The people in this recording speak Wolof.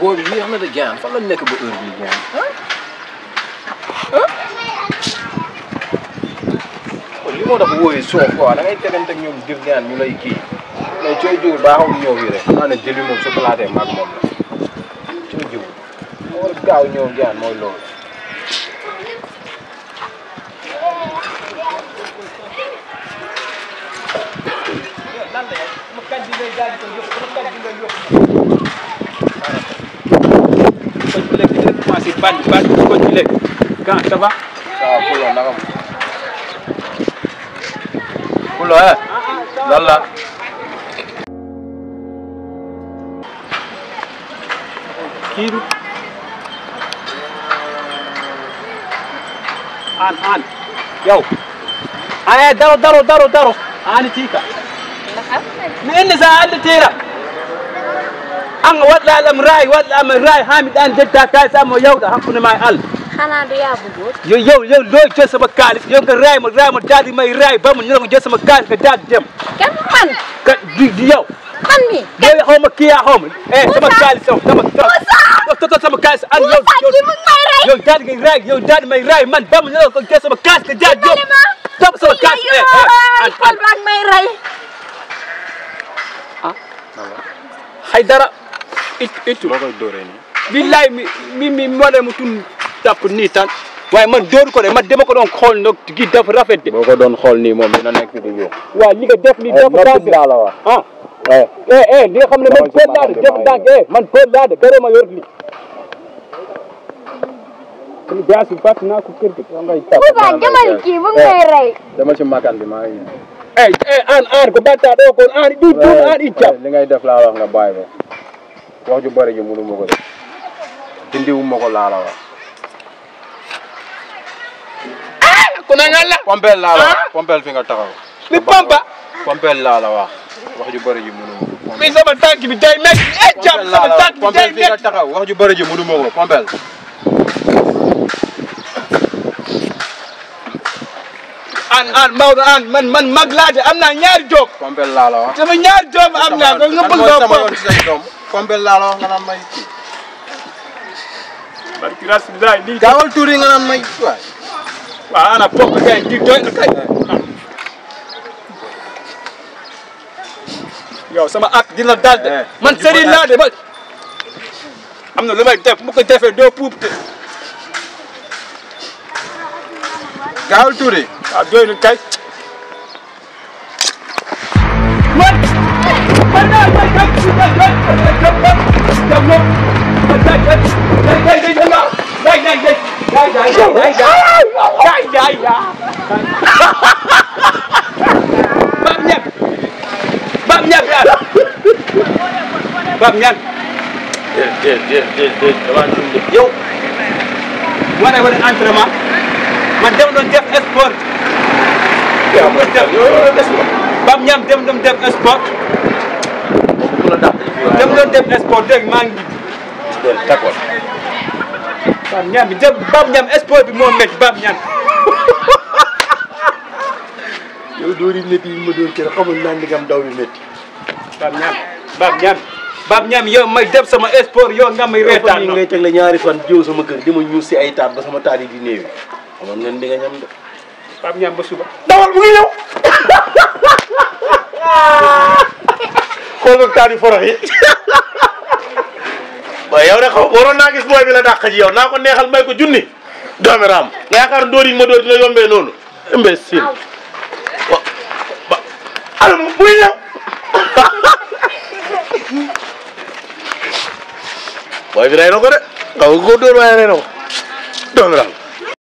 Hoor je hier met de gaan? Van een lekker beurden gaan. Huh? Huh? li moo tax wóoyee soof quoi da ngay tegante ak ñoom jëf gaan ñu lay kii mais cooy jiwul baaxul ñëw yi rek maa ne jëli moom su plaatee maag moom la cooy jiwul moo war a gaaw ñëw gaan mooy loolu lan la ma kan di ngay daal di ko yóbbu ma des pannes, des pannes, du côté Quand ça va Ça va, pour là, Pour là, Là, là. Kiru. An, an. Yo. Aya, daro, daro, daro, daro. Ani tika. من إن زعلت تيرا an waɗɗaɗam raay waɗɗamin raay ha miɗan dedda kalis amma yawda hakkude ma e allah hanade yabugoto yo yow yow loyi joyi sama kalis yo ko raymo raymo daadi ma e raay bammo ñoro ko joyi sama kalis ko daadi dem ken man ka yow man mi yow homa kiya homa e sama kalis o sama toto sama kalis an yow yow daadi ngay raay yow daadi ma e raay man bammo ñoro ko joyi sama kalis ko daadi dem tam sama kalis e an an may ray haydara it it. moo koy dóoree nii. billaay mi mi mi moo dem tun tàpp nii tan waaye man dóor ko de man dama ko doon xool nag gi dafa rafet de. boo ko doon xool nii moom dina nekk di yow. waaw li def nii dafa danger la wax ah. Eh. eh eh li nga xam ne man pël laa de def ndànk eh man pël laa de gërëm a yor wax ju bari ji mënu ma ko def dindiwu ma ko wax. ah ku ne nga la. pompel laa wax ah? pompel fi nga taxaw. li pompel laa wax wax ju bari ji mënu ma tànk bi day eh, pompel la taxaw wax ju bari ji mënu ma an an man mag laa am na ñaari doom. pompel laa la wax. sama ñaari doom am naa ko nga bëgg. pompel laa la wax nga naan may. barki rasulilah lii. gaawal yi nga naan may waay. waaw ana pomp kay di doy na kay. yow sama ak dina daal de. Eh, man sëriñ laa de am na lu may def bu ko defee doo puub te. gaawal tuur yi. waaw doy kay. bậm nhật bậm nhật à bậm nhật yau wani wani entraînement man dem doon def sport bam ñam dem doon def sport ku la dàq dem doon def sport dégg maa ngi loolu d'accord Pape Niang bi jëm Pape Niang sport bi moo métti Pape Niang yow dóor yi yi ma dóor kër xamul naa ndigam daw bi métti Pape Niang Pape Niang yow may def sama sport yow nga may reetaan ngay teg la ñaari fan jiw sama kër di ma ñuus si ay taat ba sama taat yi di néew xamoon ngeen ñam ba suba kooku ak taal yu forox yi naa gis booy bi la ji yow naa ko neexal may ko junni doomi nga yaakaar dóor yi ma dóor dina yombee noonu imbécile ba alam buy ñëw booy na ko de xaw ko dóor waaye rey na ko doomi